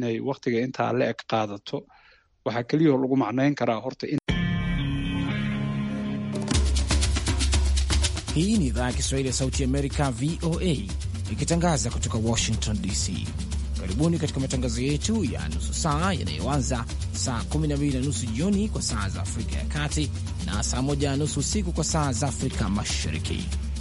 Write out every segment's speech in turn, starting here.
inay waqtiga intaa la eg qaadato waxaa keliya lagu macnayn karaa horta in... Hii ni idhaa ya Kiswahili ya Sauti Amerika, VOA, ikitangaza kutoka Washington DC. Karibuni katika matangazo yetu ya nusu saa yanayoanza saa 12 na nusu jioni kwa saa za Afrika ya Kati na saa 1 na nusu usiku kwa saa za Afrika Mashariki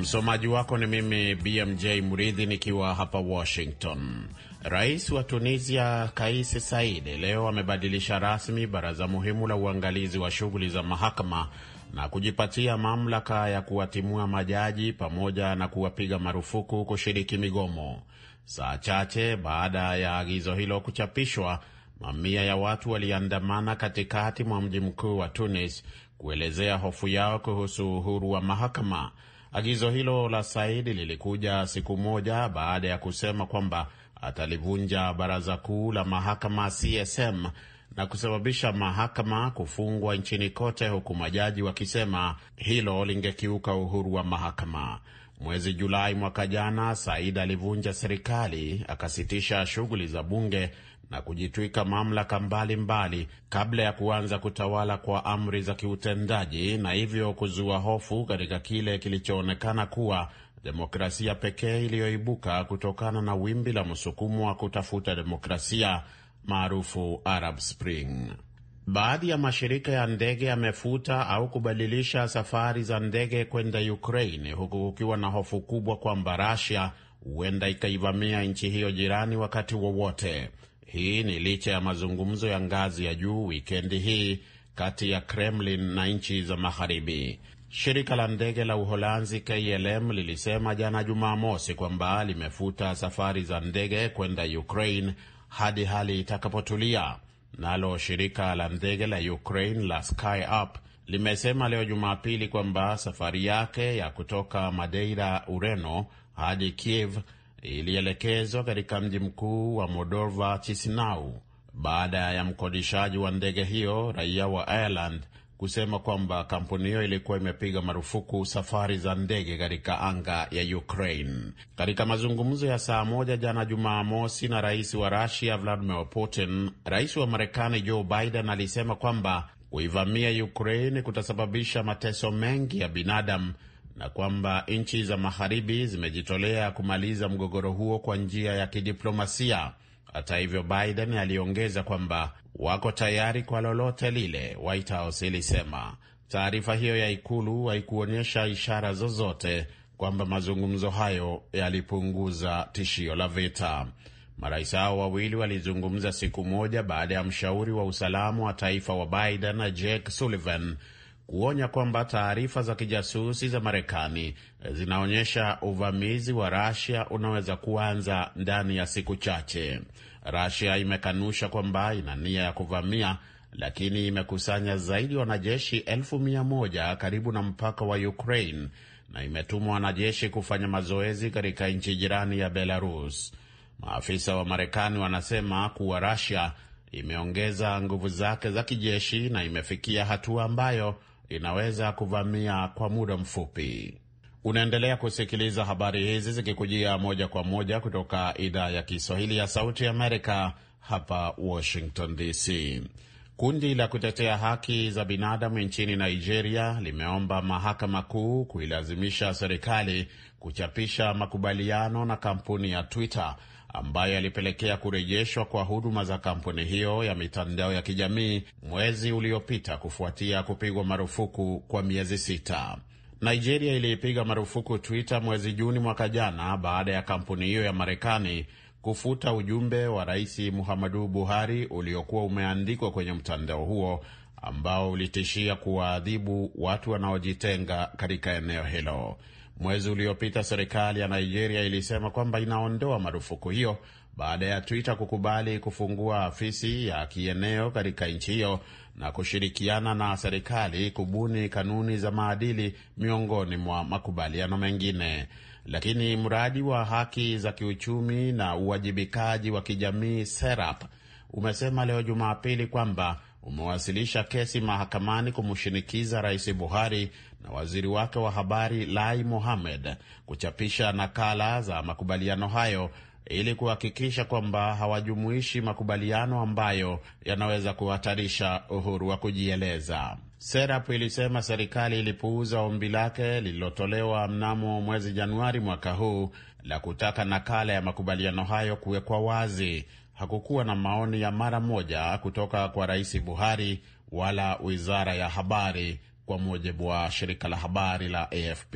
Msomaji wako ni mimi BMJ Mridhi nikiwa hapa Washington. Rais wa Tunisia Kais Saied leo amebadilisha rasmi baraza muhimu la uangalizi wa shughuli za mahakama na kujipatia mamlaka ya kuwatimua majaji pamoja na kuwapiga marufuku kushiriki migomo. Saa chache baada ya agizo hilo kuchapishwa, mamia ya watu waliandamana katikati mwa mji mkuu wa Tunis kuelezea hofu yao kuhusu uhuru wa mahakama Agizo hilo la Said lilikuja siku moja baada ya kusema kwamba atalivunja baraza kuu la mahakama CSM na kusababisha mahakama kufungwa nchini kote, huku majaji wakisema hilo lingekiuka uhuru wa mahakama. Mwezi Julai mwaka jana, Said alivunja serikali, akasitisha shughuli za bunge na kujitwika mamlaka mbalimbali mbali kabla ya kuanza kutawala kwa amri za kiutendaji na hivyo kuzua hofu katika kile kilichoonekana kuwa demokrasia pekee iliyoibuka kutokana na wimbi la msukumo wa kutafuta demokrasia maarufu Arab Spring. Baadhi ya mashirika ya ndege yamefuta au kubadilisha safari za ndege kwenda Ukraine huku kukiwa na hofu kubwa kwamba Russia huenda ikaivamia nchi hiyo jirani wakati wowote. Hii ni licha ya mazungumzo ya ngazi ya juu wikendi hii kati ya Kremlin na nchi za magharibi. Shirika la ndege la Uholanzi KLM lilisema jana Jumamosi kwamba limefuta safari za ndege kwenda Ukraine hadi hali itakapotulia. Nalo shirika la ndege la Ukraine la SkyUp limesema leo Jumapili kwamba safari yake ya kutoka Madeira, Ureno hadi Kiev ilielekezwa katika mji mkuu wa Moldova, Chisinau, baada ya mkodishaji wa ndege hiyo raia wa Ireland kusema kwamba kampuni hiyo ilikuwa imepiga marufuku safari za ndege katika anga ya Ukraine. Katika mazungumzo ya saa moja jana Jumamosi na rais wa Rusia Vladimir Putin, rais wa Marekani Joe Biden alisema kwamba kuivamia Ukraine kutasababisha mateso mengi ya binadamu na kwamba nchi za magharibi zimejitolea kumaliza mgogoro huo kwa njia ya kidiplomasia. Hata hivyo, Biden aliongeza kwamba wako tayari kwa lolote lile, White House ilisema. Taarifa hiyo ya ikulu haikuonyesha ishara zozote kwamba mazungumzo hayo yalipunguza tishio la vita. Marais hao wawili walizungumza siku moja baada ya mshauri wa usalama wa taifa wa Biden Jake Sullivan kuonya kwamba taarifa za kijasusi za Marekani zinaonyesha uvamizi wa Rasia unaweza kuanza ndani ya siku chache. Rasia imekanusha kwamba ina nia ya kuvamia, lakini imekusanya zaidi wanajeshi elfu mia moja karibu na mpaka wa Ukraine na imetumwa wanajeshi kufanya mazoezi katika nchi jirani ya Belarus. Maafisa wa Marekani wanasema kuwa Rasia imeongeza nguvu zake za kijeshi na imefikia hatua ambayo inaweza kuvamia kwa muda mfupi. Unaendelea kusikiliza habari hizi zikikujia moja kwa moja kutoka idhaa ya Kiswahili ya Sauti Amerika, hapa Washington DC. Kundi la kutetea haki za binadamu nchini Nigeria limeomba mahakama kuu kuilazimisha serikali kuchapisha makubaliano na kampuni ya Twitter ambayo yalipelekea kurejeshwa kwa huduma za kampuni hiyo ya mitandao ya kijamii mwezi uliopita kufuatia kupigwa marufuku kwa miezi sita. Nigeria iliipiga marufuku Twitter mwezi Juni mwaka jana baada ya kampuni hiyo ya Marekani kufuta ujumbe wa Rais Muhammadu Buhari uliokuwa umeandikwa kwenye mtandao huo ambao ulitishia kuwaadhibu watu wanaojitenga katika eneo hilo. Mwezi uliopita serikali ya Nigeria ilisema kwamba inaondoa marufuku hiyo baada ya Twitter kukubali kufungua afisi ya kieneo katika nchi hiyo na kushirikiana na serikali kubuni kanuni za maadili miongoni mwa makubaliano mengine. Lakini mradi wa haki za kiuchumi na uwajibikaji wa kijamii SERAP umesema leo Jumapili kwamba umewasilisha kesi mahakamani kumshinikiza Rais Buhari na waziri wake wa habari Lai Mohamed kuchapisha nakala za makubaliano hayo ili kuhakikisha kwamba hawajumuishi makubaliano ambayo yanaweza kuhatarisha uhuru wa kujieleza. SERAP ilisema serikali ilipuuza ombi lake lililotolewa mnamo mwezi Januari mwaka huu la kutaka nakala ya makubaliano hayo kuwekwa wazi. Hakukuwa na maoni ya mara moja kutoka kwa Rais Buhari wala wizara ya habari kwa mujibu wa shirika la habari la AFP.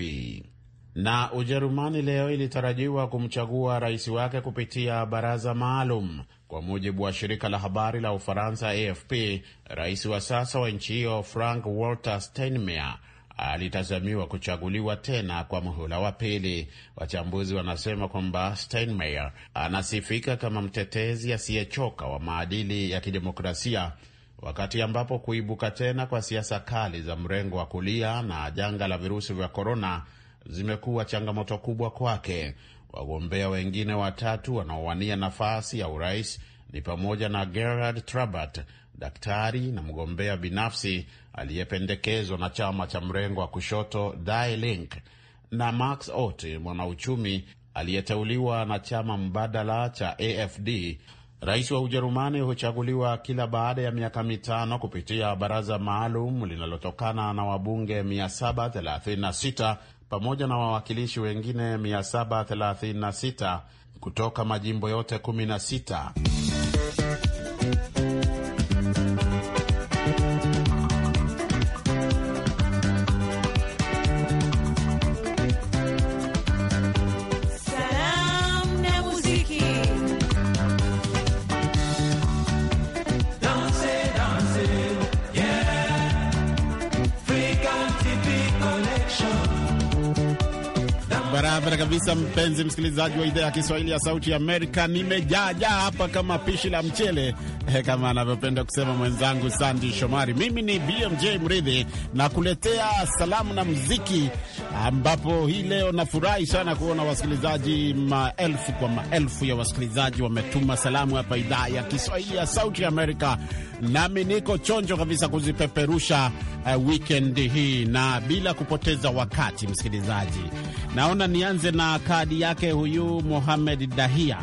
Na Ujerumani leo ilitarajiwa kumchagua rais wake kupitia baraza maalum. Kwa mujibu wa shirika la habari la Ufaransa AFP, rais wa sasa wa nchi hiyo Frank Walter Steinmeier alitazamiwa kuchaguliwa tena kwa muhula wa pili. Wachambuzi wanasema kwamba Steinmeier anasifika kama mtetezi asiyechoka wa maadili ya kidemokrasia wakati ambapo kuibuka tena kwa siasa kali za mrengo wa kulia na janga la virusi vya korona zimekuwa changamoto kubwa kwake. Wagombea wengine watatu wanaowania nafasi ya urais ni pamoja na Gerard Trabert, daktari na mgombea binafsi aliyependekezwa na chama cha mrengo wa kushoto Die na Max Ot, mwanauchumi aliyeteuliwa na chama mbadala cha AFD Rais wa Ujerumani huchaguliwa kila baada ya miaka mitano kupitia baraza maalum linalotokana na wabunge 736 pamoja na wawakilishi wengine 736 kutoka majimbo yote 16. kabisa mpenzi msikilizaji wa idhaa ya Kiswahili ya Sauti ya Amerika, nimejaajaa hapa kama pishi la mchele eh, kama anavyopenda kusema mwenzangu Sandi Shomari. Mimi ni BMJ Mridhi na kuletea salamu na muziki, ambapo hii leo nafurahi sana kuona wasikilizaji, maelfu kwa maelfu ya wasikilizaji wametuma salamu hapa idhaa ya Kiswahili ya Sauti ya Amerika, nami niko chonjo kabisa kuzipeperusha uh, eh, wikendi hii na bila kupoteza wakati, msikilizaji, naona nianze tuanze na kadi yake huyu Mohamed Dahia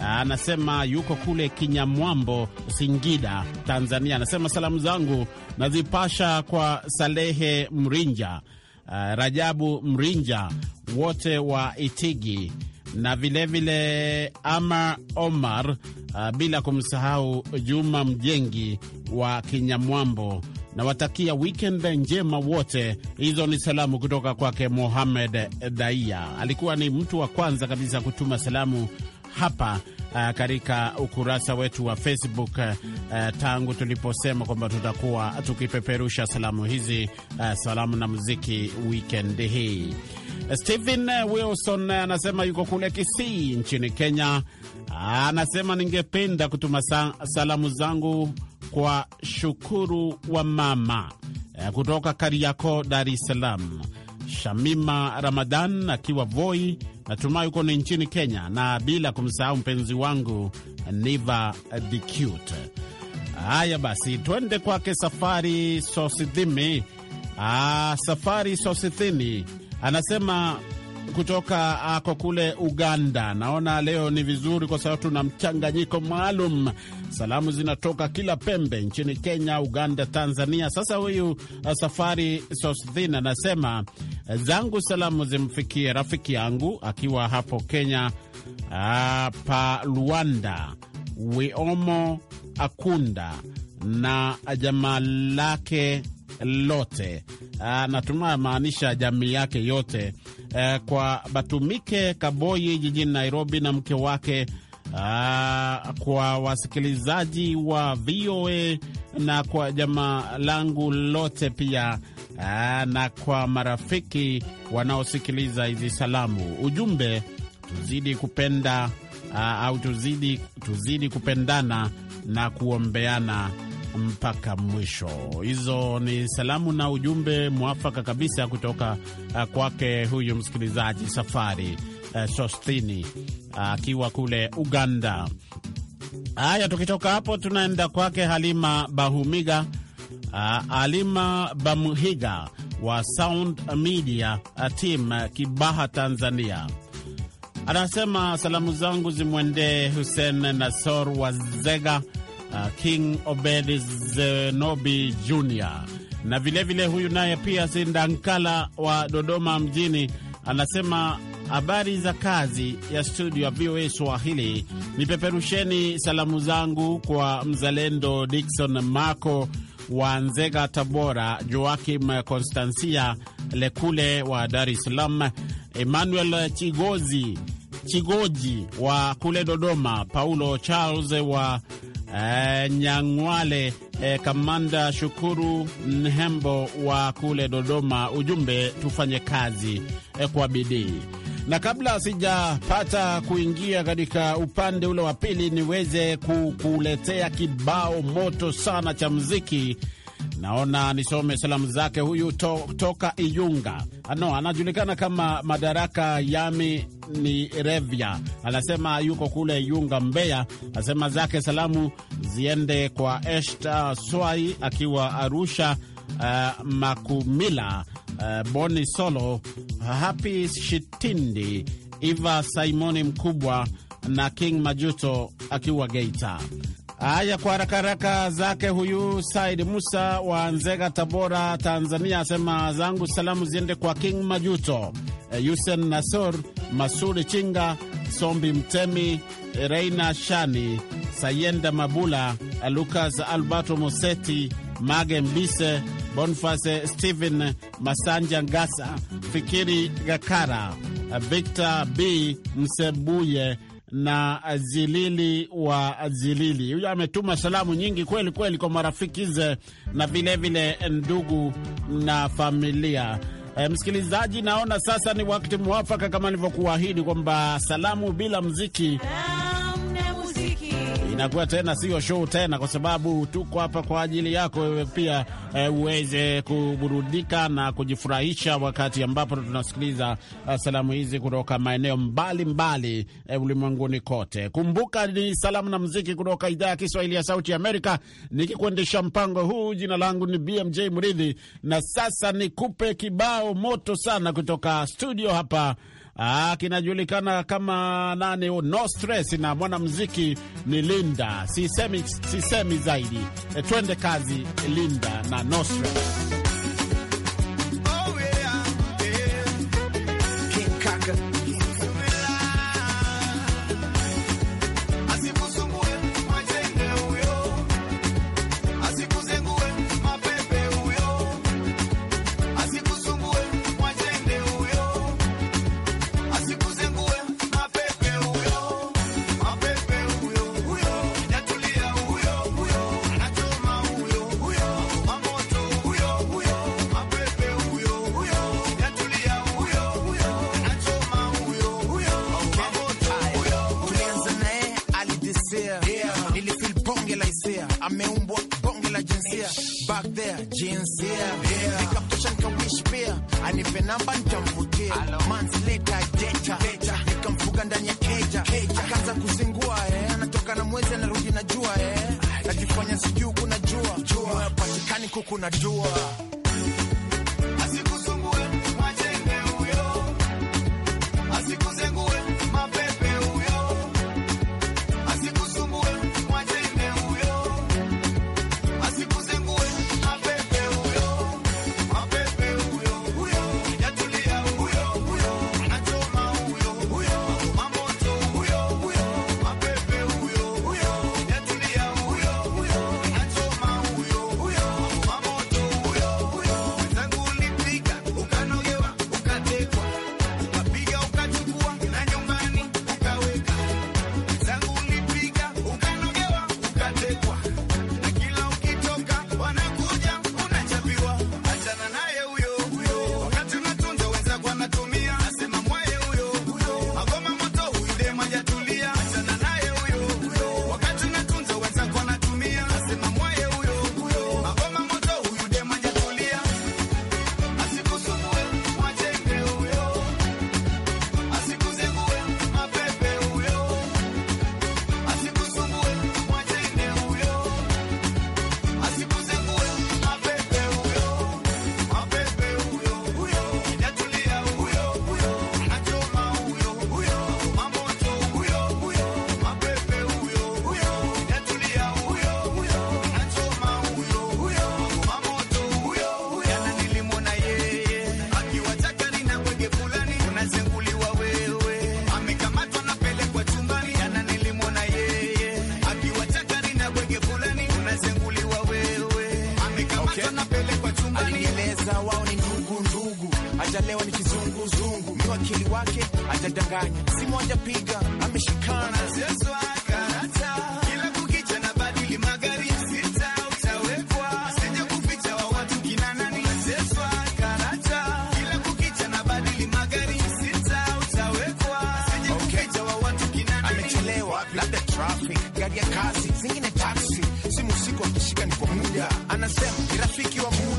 anasema yuko kule Kinyamwambo, Singida, Tanzania. Anasema salamu zangu nazipasha kwa Salehe Mrinja, uh, Rajabu Mrinja, wote wa Itigi na vilevile vile Ama Omar uh, bila kumsahau Juma Mjengi wa Kinyamwambo. Nawatakia wikend njema wote. Hizo ni salamu kutoka kwake Mohamed Dhaia, alikuwa ni mtu wa kwanza kabisa kutuma salamu hapa uh, katika ukurasa wetu wa Facebook uh, tangu tuliposema kwamba tutakuwa tukipeperusha salamu hizi uh, salamu na muziki wikend hii. Stephen Wilson anasema yuko kule Kisii nchini Kenya. Anasema ningependa kutuma salamu zangu kwa Shukuru wa mama eh, kutoka kariako Dar es Salaam, Shamima Ramadan akiwa Voi, natumai uko ni nchini Kenya, na bila kumsahau mpenzi wangu Niva the Cute. Haya basi, twende kwake Safari Sosidhimi. Ah, Safari Sosithini anasema kutoka ako kule Uganda. Naona leo ni vizuri kwa sababu tuna mchanganyiko maalum, salamu zinatoka kila pembe nchini Kenya, Uganda, Tanzania. Sasa huyu uh, Safari Sosdin anasema uh, zangu salamu zimfikie rafiki yangu akiwa hapo Kenya, uh, pa Luanda, Wiomo Akunda na jamaa lake lote, ah, natumai maanisha jamii yake yote, eh, kwa Batumike Kaboyi jijini Nairobi na mke wake Aa, ah, kwa wasikilizaji wa VOA na kwa jamaa langu lote pia aa, ah, na kwa marafiki wanaosikiliza hizi salamu. Ujumbe tuzidi kupenda aa, au tuzidi, tuzidi kupendana na kuombeana mpaka mwisho. Hizo ni salamu na ujumbe mwafaka kabisa kutoka uh, kwake huyu msikilizaji Safari uh, Sostini uh, akiwa kule Uganda. Haya, tukitoka hapo tunaenda kwake Halima Bahumiga Halima Bamuhiga wa Sound Media Team Kibaha, Tanzania. Anasema salamu zangu zimwendee Hussein Nasor Wazega uh, King Obed Zenobi Jr na vilevile vile huyu naye pia Sindankala wa Dodoma mjini anasema habari za kazi ya studio ya VOA Swahili, nipeperusheni salamu zangu kwa mzalendo Dikson marco wa Nzega, Tabora, Joakim Konstansia Lekule wa Dar es Salaam, Emmanuel Chigozi Chigoji wa kule Dodoma, Paulo Charles wa Eh, Nyang'wale eh, Kamanda Shukuru Nhembo wa kule Dodoma, ujumbe tufanye kazi eh, kwa bidii. Na kabla sijapata kuingia katika upande ule wa pili, niweze kukuletea kibao moto sana cha mziki Naona nisome salamu zake huyu to, toka Iyunga ano, anajulikana kama Madaraka Yami ni Revya, anasema yuko kule Iyunga, Mbeya. Anasema zake salamu ziende kwa Eshta Swai akiwa Arusha, uh, Makumila, uh, Boni Solo, hapi Shitindi, iva Simoni mkubwa na King Majuto akiwa Geita. Haya, kwa haraka haraka zake huyu Said Musa wa Nzega, Tabora, Tanzania, asema zangu salamu ziende kwa King Majuto, eh, Yusen Nasor, Masuri Chinga, Sombi Mtemi, Reina Shani, Sayenda Mabula, Lukas Alberto Moseti, Mage Mbise, Bonfase Stephen Masanja Ngasa, Fikiri Gakara, Victor B Msebuye na Zilili wa Zilili. Huyo ametuma salamu nyingi kweli kweli kwa marafiki ze na vilevile vile ndugu na familia. E, msikilizaji, naona sasa ni wakati mwafaka kama nilivyokuahidi kwamba salamu bila mziki inakuwa tena sio show tena, kwa sababu tuko hapa kwa ajili yako wewe pia e, uweze kuburudika na kujifurahisha wakati ambapo tunasikiliza eh, salamu hizi kutoka maeneo mbalimbali e, ulimwenguni kote. Kumbuka ni salamu na muziki kutoka idhaa ya Kiswahili ya Sauti ya Amerika, nikikuendesha mpango huu. Jina langu ni BMJ Mridhi, na sasa nikupe kibao moto sana kutoka studio hapa Aa, ah, kinajulikana kama nani, no stress na mwanamuziki ni Linda. Sisemi, sisemi zaidi. E, twende kazi Linda na no stress. nakifanya sijuu kuna jua, jua patikani kuku na jua kizunguzungu, wakili wake atadanganya, si moja piga ameshikana gari ya kazi zingine taksi, simu usiku akishika ni kwa muda, anasema ni rafiki wa muda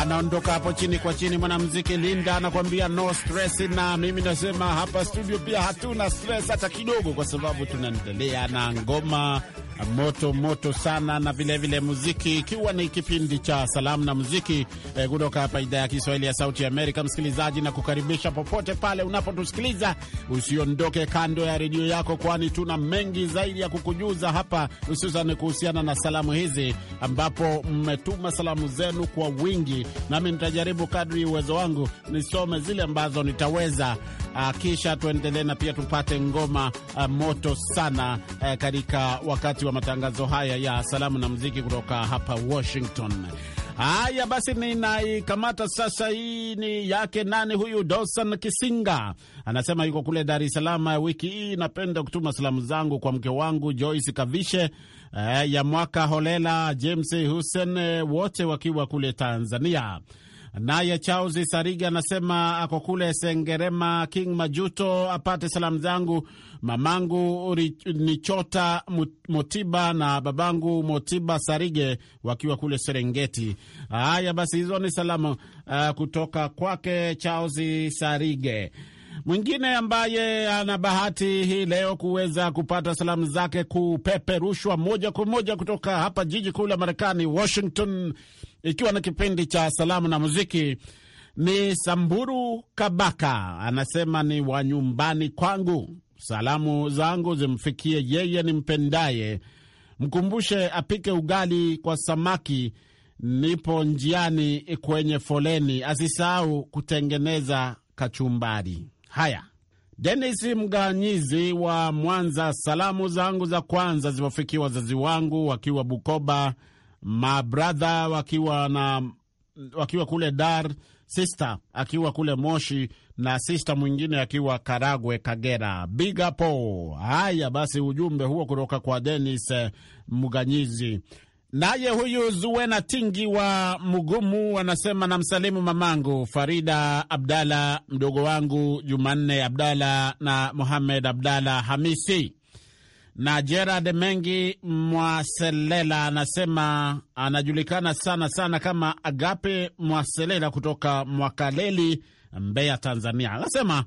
anaondoka hapo chini kwa chini. Mwanamuziki Linda anakuambia no stress, na mimi nasema hapa studio pia hatuna stress hata kidogo, kwa sababu tunaendelea na ngoma moto moto sana, na vilevile vile muziki, ikiwa ni kipindi cha salamu na muziki eh, kutoka eh, hapa idhaa ya Kiswahili ya Sauti ya Amerika. Msikilizaji, na kukaribisha popote pale unapotusikiliza, usiondoke kando ya redio yako, kwani tuna mengi zaidi ya kukujuza hapa, hususan kuhusiana na salamu hizi, ambapo mmetuma salamu zenu kwa wingi, nami nitajaribu kadri uwezo wangu nisome zile ambazo nitaweza, ah, kisha tuendelee na pia tupate ngoma ah, moto sana eh, katika wakati wa wa matangazo haya ya salamu na mziki kutoka hapa Washington. Haya basi, ninaikamata sasa. Hii ni yake nani huyu? Dosan Kisinga anasema yuko kule Dar es Salaam. Wiki hii napenda kutuma salamu zangu kwa mke wangu Joyce Kavishe, eh, ya mwaka Holela, James Hussein, eh, wote wakiwa kule Tanzania. Naye Charles Sariga anasema ako kule Sengerema, King Majuto apate salamu zangu mamangu Nichota Motiba na babangu Motiba Sarige wakiwa kule Serengeti. Haya basi, hizo ni salamu uh, kutoka kwake Charles Sarige. Mwingine ambaye ana bahati hii leo kuweza kupata salamu zake kupeperushwa moja kwa moja kutoka hapa jiji kuu la Marekani, Washington ikiwa na kipindi cha salamu na muziki. Ni Samburu Kabaka anasema ni wa nyumbani kwangu, salamu zangu zimfikie yeye nimpendaye, mkumbushe apike ugali kwa samaki, nipo njiani kwenye foleni, asisahau kutengeneza kachumbari. Haya, Denis Mganyizi wa Mwanza, salamu zangu za kwanza zimefikia wazazi wangu wakiwa Bukoba, Mabradha wakiwa na wakiwa kule Dar, Sister akiwa kule Moshi na sista mwingine akiwa Karagwe, Kagera. Big Haya basi, ujumbe huo kutoka kwa Denis eh, Mganyizi. Naye huyu Zuena Tingi wa Mugumu anasema namsalimu mamangu Farida Abdala, mdogo wangu Jumanne Abdala na Muhamed Abdala Hamisi na Gerard Mengi Mwaselela anasema anajulikana sana sana kama Agape Mwaselela kutoka Mwakaleli, Mbeya, Tanzania. Anasema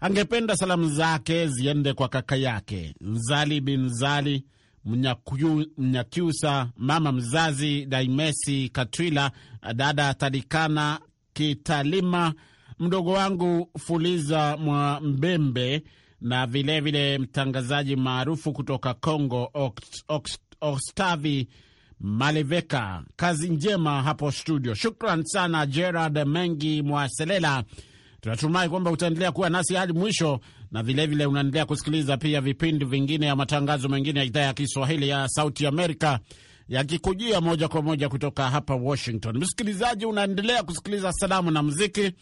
angependa salamu zake ziende kwa kaka yake mzali bin Zali Mnyakyusa, mama mzazi Daimesi Katwila, dada Tadikana Kitalima, mdogo wangu Fuliza Mwa Mbembe na vilevile vile mtangazaji maarufu kutoka Congo Oct, Oct, Ostavi Maleveka. Kazi njema hapo studio. Shukran sana Gerard Mengi Mwaselela. Tunatumai kwamba utaendelea kuwa nasi hadi mwisho, na vilevile unaendelea kusikiliza pia vipindi vingine ya matangazo mengine ya idhaa ya Kiswahili ya Sauti Amerika yakikujia moja kwa moja kutoka hapa Washington. Msikilizaji, unaendelea kusikiliza salamu na muziki,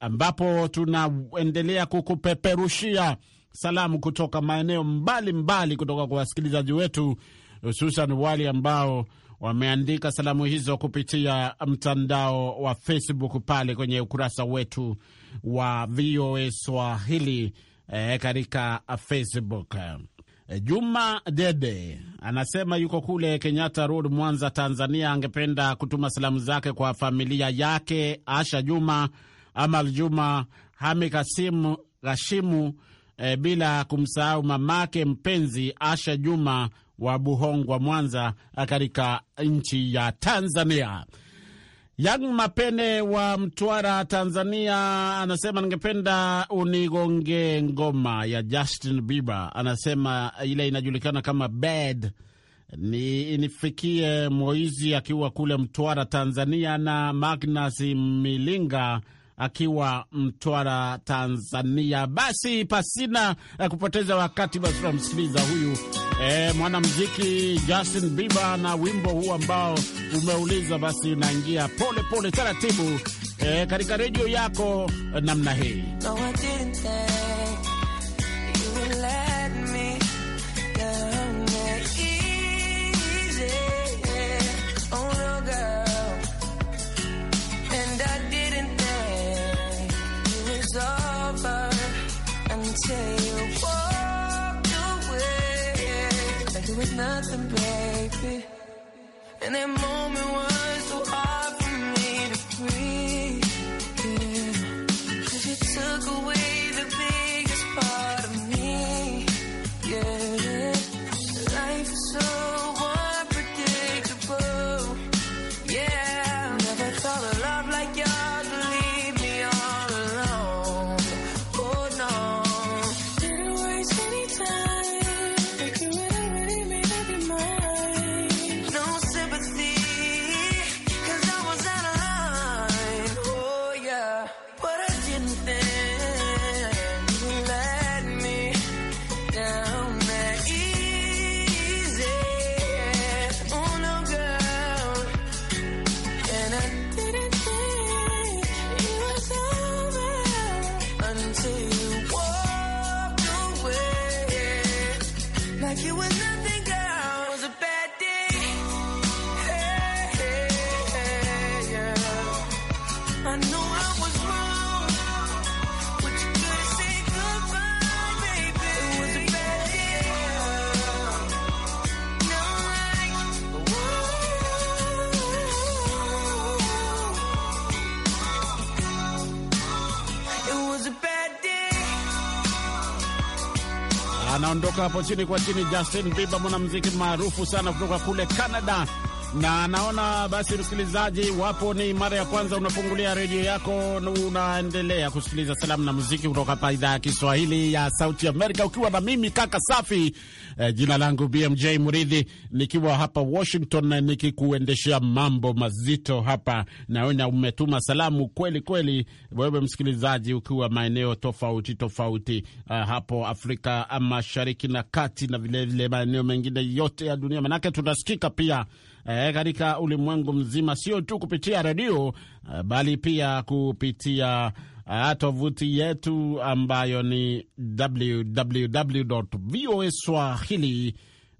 ambapo tunaendelea kukupeperushia salamu kutoka maeneo mbalimbali mbali kutoka kwa wasikilizaji wetu, hususan wale ambao wameandika salamu hizo kupitia mtandao wa Facebook pale kwenye ukurasa wetu wa VOA Swahili eh, katika Facebook. Eh, Juma Dede anasema yuko kule Kenyatta Road, Mwanza, Tanzania. Angependa kutuma salamu zake kwa familia yake Asha Juma, Amal Juma, Hami Kasimu, e, bila kumsahau mamake mpenzi Asha Juma wa Buhongwa, Mwanza, katika nchi ya Tanzania. Yang Mapene wa Mtwara, Tanzania, anasema ningependa unigonge ngoma ya Justin Bieber. Anasema ile inajulikana kama Bad ni inifikie Moizi akiwa kule Mtwara, Tanzania, na Magnus Milinga akiwa Mtwara, Tanzania. Basi pasina eh, kupoteza wakati, basi tunamsikiliza huyu e, mwanamuziki Justin Bieber na wimbo huu ambao umeuliza, basi unaingia pole pole taratibu e, katika redio yako namna hii no, tenemos anaondoka hapo chini kwa chini. Justin Bieber, mwanamuziki maarufu sana kutoka kule Canada, na naona basi, msikilizaji wapo, ni mara ya kwanza unafungulia redio yako, unaendelea kusikiliza salamu na muziki kutoka hapa idhaa ya Kiswahili ya Sauti Amerika, ukiwa na mimi kaka safi eh, jina langu BMJ Muridhi, nikiwa hapa Washington nikikuendeshea mambo mazito hapa. Naona umetuma salamu kweli kweli, wewe msikilizaji, ukiwa maeneo tofauti tofauti, eh, hapo Afrika eh, Mashariki na Kati na vilevile maeneo mengine yote ya dunia, manake tunasikika pia eh, katika ulimwengu mzima, sio tu kupitia redio eh, bali pia kupitia eh, tovuti yetu ambayo ni www voa swahili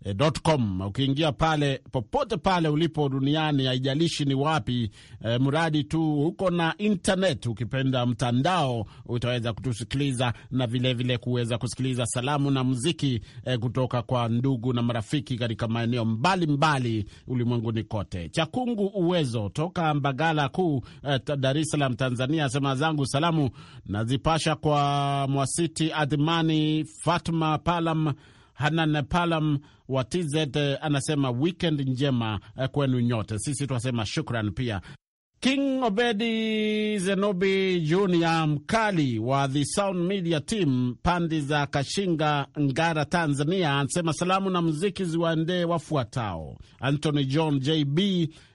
Eh, com. Ukiingia pale popote pale ulipo duniani, haijalishi ni wapi e, mradi tu uko na internet, ukipenda mtandao, utaweza kutusikiliza na vilevile kuweza kusikiliza salamu na muziki e, kutoka kwa ndugu na marafiki katika maeneo mbalimbali ulimwenguni kote. Chakungu Uwezo toka Mbagala Kuu, e, Dar es Salaam, Tanzania, sema zangu salamu nazipasha kwa Mwasiti Adhmani, Fatma Palam Hanan Palam wa TZ eh, anasema weekend njema eh, kwenu nyote. Sisi twasema shukran pia. King Obedi Zenobi Junior, mkali wa The Sound Media Team, pandi za Kashinga, Ngara, Tanzania, anasema salamu na muziki ziwaendee wafuatao: Anthony John JB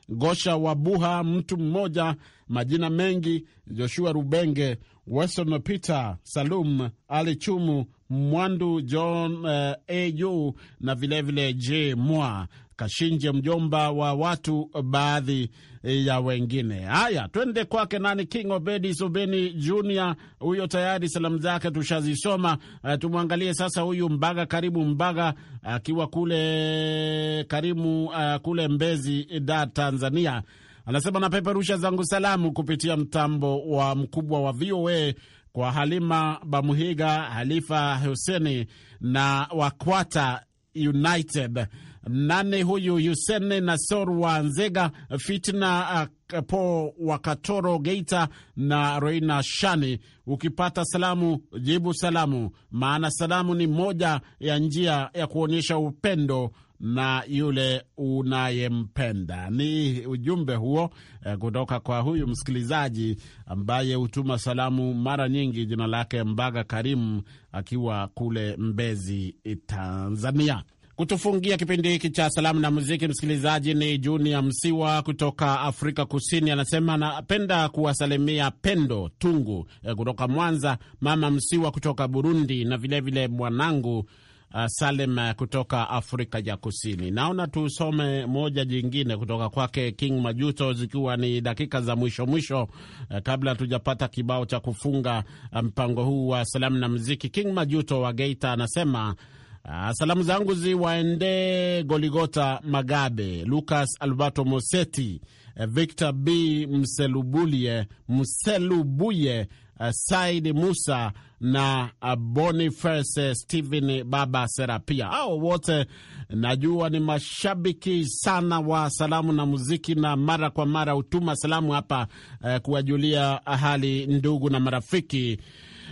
Gosha Wabuha, mtu mmoja majina mengi, Joshua Rubenge Weston peter Salum Ali Chumu, Mwandu John uh, eh, Au na vilevile J Mwa Kashinje, mjomba wa watu baadhi ya wengine. Haya, twende kwake nani, King Obedi Subeni Junior. Huyo tayari salamu zake tushazisoma. Uh, tumwangalie sasa huyu Mbaga karibu Mbaga akiwa uh, kule Karimu uh, kule Mbezi da Tanzania Anasema napeperusha zangu salamu kupitia mtambo wa mkubwa wa VOA kwa Halima Bamuhiga, Halifa Huseni na Wakwata United nane huyu yuseni Nasor wa Nzega, Fitna uh, po Wakatoro Geita na Roina Shani. Ukipata salamu jibu salamu, maana salamu ni moja ya njia ya kuonyesha upendo na yule unayempenda. Ni ujumbe huo eh, kutoka kwa huyu msikilizaji ambaye hutuma salamu mara nyingi. Jina lake Mbaga Karimu akiwa kule Mbezi, Tanzania. Kutufungia kipindi hiki cha salamu na muziki, msikilizaji ni junia Msiwa kutoka Afrika Kusini. Anasema anapenda kuwasalimia Pendo Tungu eh, kutoka Mwanza, mama Msiwa kutoka Burundi na vilevile vile mwanangu Ah, Salem eh, kutoka Afrika ya Kusini. Naona tusome moja jingine kutoka kwake King Majuto, zikiwa ni dakika za mwisho mwisho, eh, kabla tujapata kibao cha kufunga eh, mpango huu wa salamu na muziki. King Majuto wa Geita anasema uh, salamu zangu ziwaendee Goligota Magabe, Lucas Alberto Moseti, Victor B Mselubuye, Mselubuye Uh, Said Musa na uh, Boniface uh, Stephen Baba Serapia. Hao wote najua ni mashabiki sana wa salamu na muziki, na mara kwa mara hutuma salamu hapa uh, kuwajulia hali ndugu na marafiki.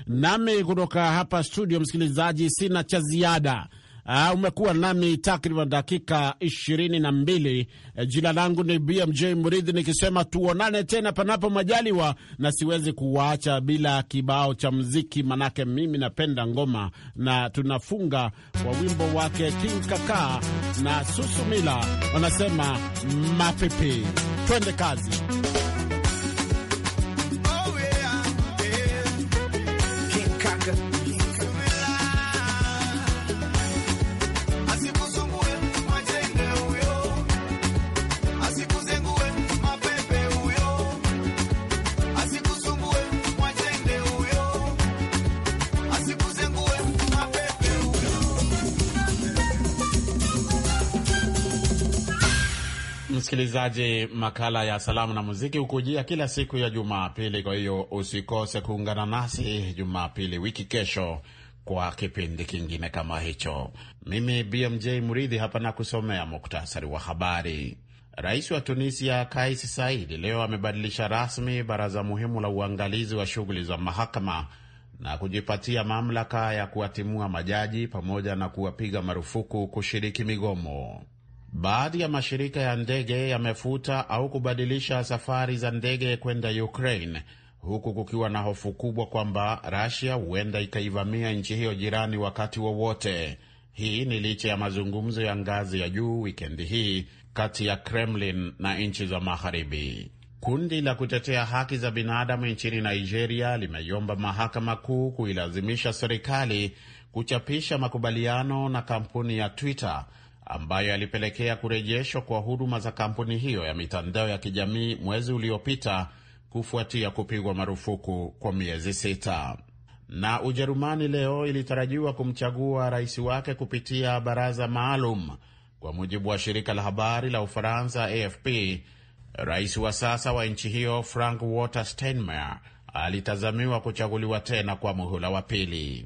Nami kutoka hapa studio, msikilizaji, sina cha ziada Uh, umekuwa nami takriban dakika ishirini na mbili. Uh, jina langu ni BMJ Mridhi nikisema tuonane tena panapo majaliwa, na siwezi kuwaacha bila kibao cha mziki, manake mimi napenda ngoma, na tunafunga kwa wimbo wake King Kaka na Susumila wanasema mapipi. Twende kazi. Msikilizaji, makala ya salamu na muziki hukujia kila siku ya Jumapili. Kwa hiyo usikose kuungana nasi Jumapili wiki kesho kwa kipindi kingine kama hicho. Mimi BMJ Muridhi hapa na kusomea muktasari wa habari. Rais wa Tunisia Kais Saidi leo amebadilisha rasmi baraza muhimu la uangalizi wa shughuli za mahakama na kujipatia mamlaka ya kuwatimua majaji pamoja na kuwapiga marufuku kushiriki migomo. Baadhi ya mashirika ya ndege yamefuta au kubadilisha safari za ndege kwenda Ukraine huku kukiwa na hofu kubwa kwamba Russia huenda ikaivamia nchi hiyo jirani wakati wowote wa hii ni licha ya mazungumzo ya ngazi ya juu wikendi hii kati ya Kremlin na nchi za magharibi. Kundi la kutetea haki za binadamu nchini Nigeria limeiomba mahakama kuu kuilazimisha serikali kuchapisha makubaliano na kampuni ya Twitter ambayo yalipelekea kurejeshwa kwa huduma za kampuni hiyo ya mitandao ya kijamii mwezi uliopita kufuatia kupigwa marufuku kwa miezi sita. Na Ujerumani leo ilitarajiwa kumchagua rais wake kupitia baraza maalum. Kwa mujibu wa shirika la habari la Ufaransa AFP, rais wa sasa wa nchi hiyo Frank Walter Steinmeier alitazamiwa kuchaguliwa tena kwa muhula wa pili.